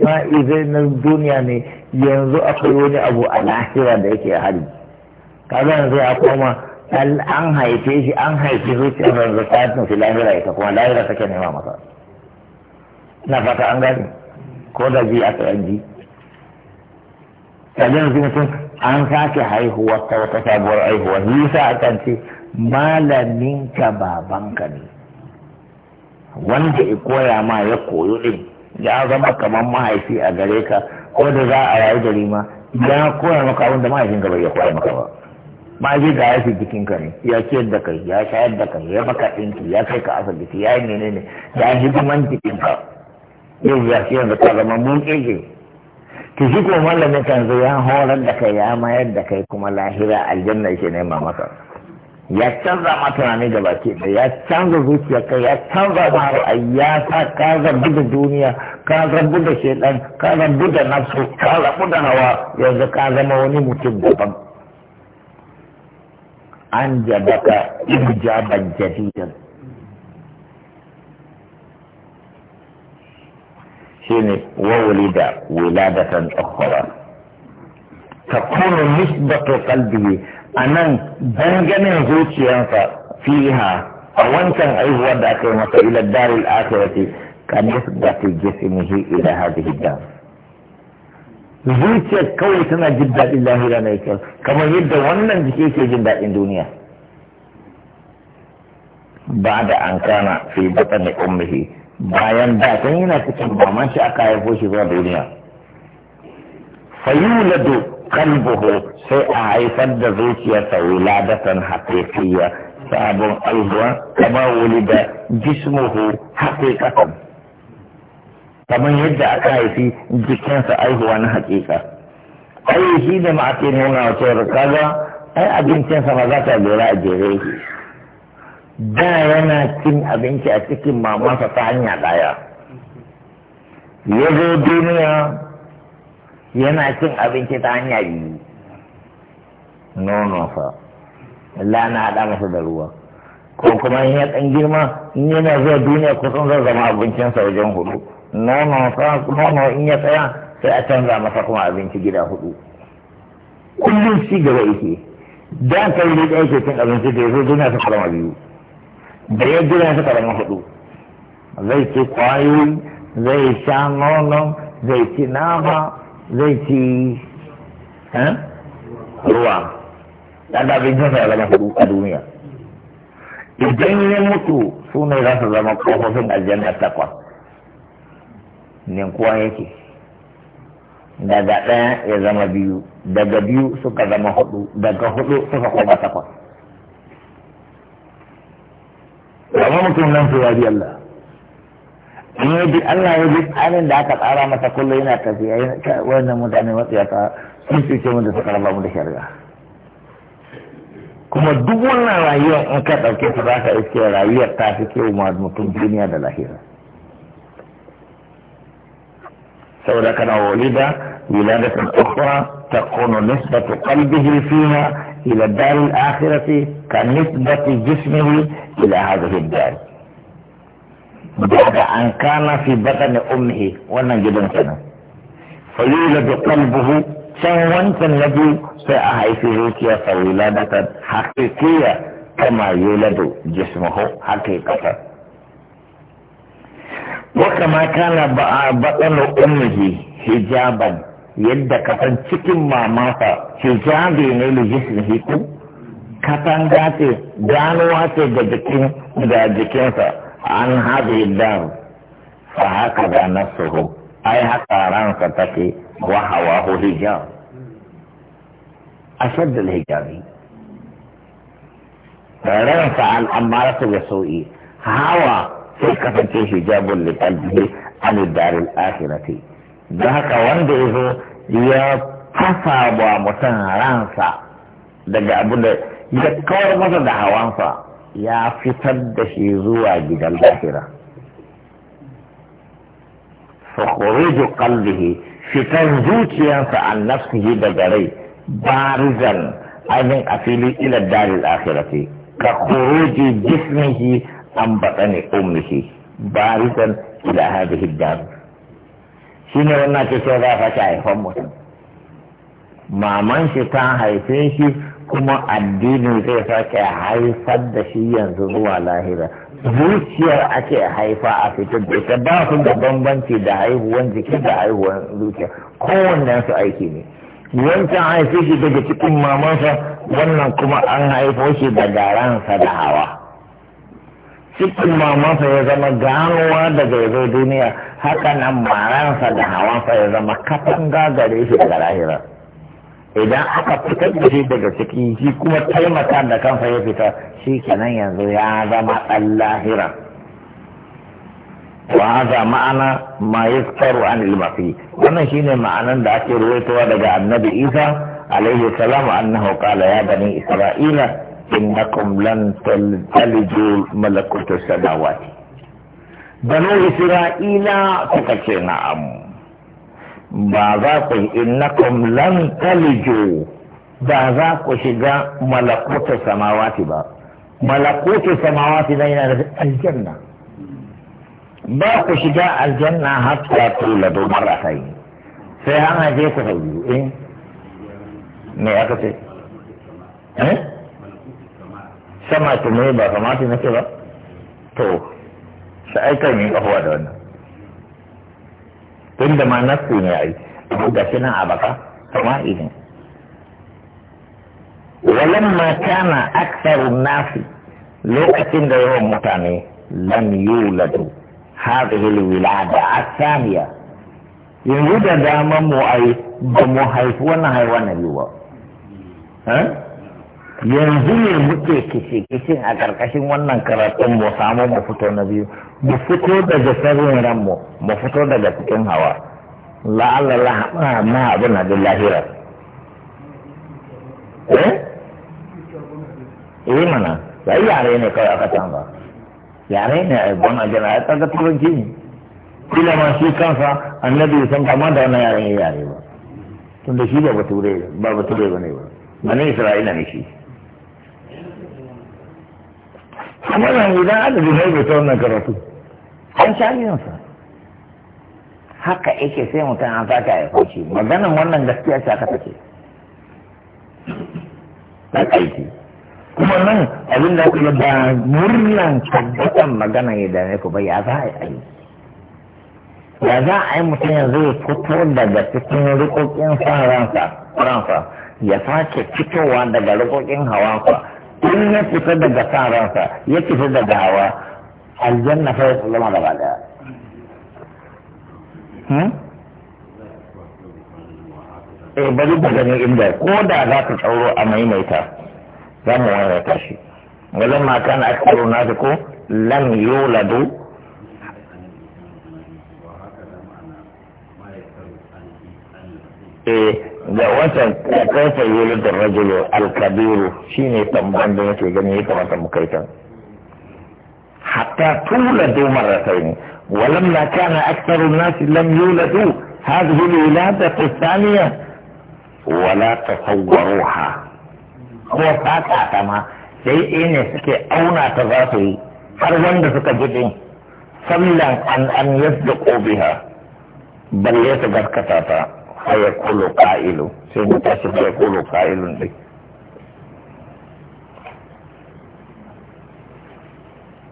fa'izai na duniya ne yanzu akwai wani abu a lahira da yake hari kaga yanzu ya koma an haife shi an haife zuciyar yanzu ta fi lahira ita kuma lahira take nema masa na fata an gani ko da ji aka yan ji kaga yanzu mutum an sake haihuwa ta wata sabuwar haihuwa sa a kan ce malaminka babanka ne wanda ya koya ma ya koyo din ya zama kamar mahaifi a gare ka ko da za a rayu gari ma ya koya maka abin da mahaifinka bai ya koya maka ba mahaifi ga yafi jikinka ne ya ciyar da kai ya shayar da kai ya maka ɗinki ya kai ka asibiti ya yi menene ya ji hidiman jikinka yau ya ciyar da ka zama mun ƙege ki shi ko mallamin kan zai ya horar da kai ya mayar da kai kuma lahira aljanna yake nema maka. ya canza ma tunani da baki da ya canza kai ya canza ma ra'ayi ya sa ka da duniya ka rabu da shedan ka rabu da nafsu ka rabu da hawa yanzu ka zama wani mutum daban an jabaka ijaban jadidan shine wa wulida wiladatan ukhra takunu nisbatu qalbihi a nan danganin zuciyarsa fiha a wancan aihuwar da aka yi masa ila daril akhirati kan yasbatu jismihi ila hadhihi dar zuciyar kawai tana jin daɗin lahira mai kyau kamar yadda wannan jiki ke jin daɗin duniya ba da an kana fi ne ummihi bayan da kan yana cikin man shi aka haifo shi zuwa duniya fayuladu kalbuhu sai a haifar da zuciyarsa wuladatan haƙiƙiyya sabon aihuwa kama wuli da jismuhu kamar yadda aka haifi jikinsa aihuwa na haƙiƙa ai shi da ma'ake nuna wa kaga ai abincinsa ma za ta lura a jere da yana cin abinci a cikin mamansa ta hanya ɗaya ya zo duniya yana cin abinci ta hanya biyu nono fa Allah na haɗa masa da ruwa ko kuma in ya ɗan girma in yana zuwa duniya kusan zai zama abincinsa wajen hudu nono fa nono in ya tsaya sai a canza masa kuma abinci gida hudu kullum ci gaba yake da kai ne yake cin abinci da yazo duniya ta karama biyu da ya duniya ta karama hudu zai ci kwayoyi zai sha nono zai ci nama zai ci ruwa dan da bin da zama hudu a duniya idan ya mutu su ne za su zama kofofin aljanna takwas ninkuwa yake daga ɗaya ya zama biyu daga biyu suka zama hudu daga hudu suka koma takwas zama mutum nan su rabi Allah in ya bi Allah ya bi tsarin da aka tsara masa kullum yana tafiya yana wannan mutane matsiyata sun su ce wanda suka raba mu da shari'a kuma duk wannan rayuwar in ka ɗauke ta za ka iske rayuwar ta fi kyau ma mutum duniya da lahira saboda kana walida wiladatan ukhra takunu nisbatu qalbihi fiha ila dar al-akhirati ka nisbati jismihi ila hadhihi ad-dar da an kana fi ne umhi wannan gidan kenan fa da kalbuhu can wancan na biyu sai a haifi zuciya da ta haqiqiyya kama yuladu jismuhu haqiqatan wa kama kana batani umhi hijaban yadda kasan cikin mamaka hijabi ne da jismuhu ku katanga ce ganuwa ce ga jikin da jikinsa an haɗe dan fa haka da nasuhu ai haka ransa take wahawa hu hijab ashad al hijabi ransa al amarat wa su'i hawa sai ka take hijabun li qalbi an dar al akhirati da haka wanda yazo ya fasa ba mutan ransa daga abunda ya kawar masa da hawansa ya fitar da shi zuwa gidan lahira fakhruju qalbihi fitar zuciyarsa an nafsihi daga rai barizan ainihin a fili ila daril akhirati ka khuruji jismihi an batani ummihi barizan ila hadhihi dar shine wannan ke cewa za ka haifan mutum maman shi ta haife shi kuma addini zai sake haifar da shi yanzu zuwa lahira zuciyar ake haifa a fitar da ita ba su da bambanci da haihuwan jiki da haihuwan zuciya Kowanne su aiki ne wancan haifi shi daga cikin mamansa wannan kuma an haifo shi da ransa da hawa cikin mamansa ya zama ganowa daga yazo duniya haka nan maransa da hawansa ya zama katanga gare shi daga lahirar. idan aka fitar da shi daga ciki shi kuma taimaka da kansa ya fita shi kenan yanzu ya zama ɗan lahira wa haza ma'ana ma yaftaru an ilmafi wannan shine ma'anan da ake ruwaitowa daga annabi isa alaihi salam annahu qala ya bani isra'ila innakum lan taliju malakutus samawati banu isra'ila suka ce na'am ba za ku innakum lan taliju ba za ku shiga malakutu samawati ba malakutu samawati na yana da aljanna ba ku shiga aljanna hatta tula do maratai sai an aje ku da biyu eh me aka ce eh sama to ba samawati nake ba to sai aikan yin kafuwa da wannan tun da ma nasu ne ai abu ga shi nan a baka sama ne walamma kana aktsaru nasi lokacin da yawan mutane lam yuladu hadhihi alwilada athaniya yanzu da dama mu ai ba mu haifi wannan haiwa na biyu ba hm? yanzu ne muke kishi kishin a ƙarƙashin wannan karatun mu samu mu fito na biyu mu fito daga sarrin ranmu mu fito daga cikin hawa La la'alla la ma abin da lahira eh eh mana sai yare ne kawai aka tamba yare ne a gona jana ya tsaga turanci ne kila ma shi kansa annabi san kama da wani yare ne yare ba tunda shi ba bature ba bature ba ne ba bani isra'ila ne shi amma na idan adadin ne bai wannan karatu an sha sa haka yake sai mutum an saka ya kwashi maganan wannan gaskiya ce kasa ce na aiki kuma nan abin da kuma ba murnan tabbatan magana ya dame ku ba ya za a yi ya za a yi mutum yanzu ya fito daga cikin rikokin sa ransa ya sake fitowa daga rikokin ka in ya fita daga kan ransa ya fita daga hawa aljanna fa ya zama gaba daya hmm? eh bari da ganin inda ko da za ka tsauro a maimaita za mu maimaita shi wajen mata na akaro na ko lan yuladu eh da wata kaifa yulu da rajulu alkabiru shi ne tamban da nake gani ya kamata mu kai kan hatta tula domar rasaini walamma kana aktaru nasi lam yuladu hadhihi alwiladatu thaniya wala tasawwaruha ko fata ta ma sai ne suke auna ta za su yi har wanda suka ji din sallan an an yasdaqu biha balle su gaskata ta sai ya ka'ilu sai mutashi tashi sai dai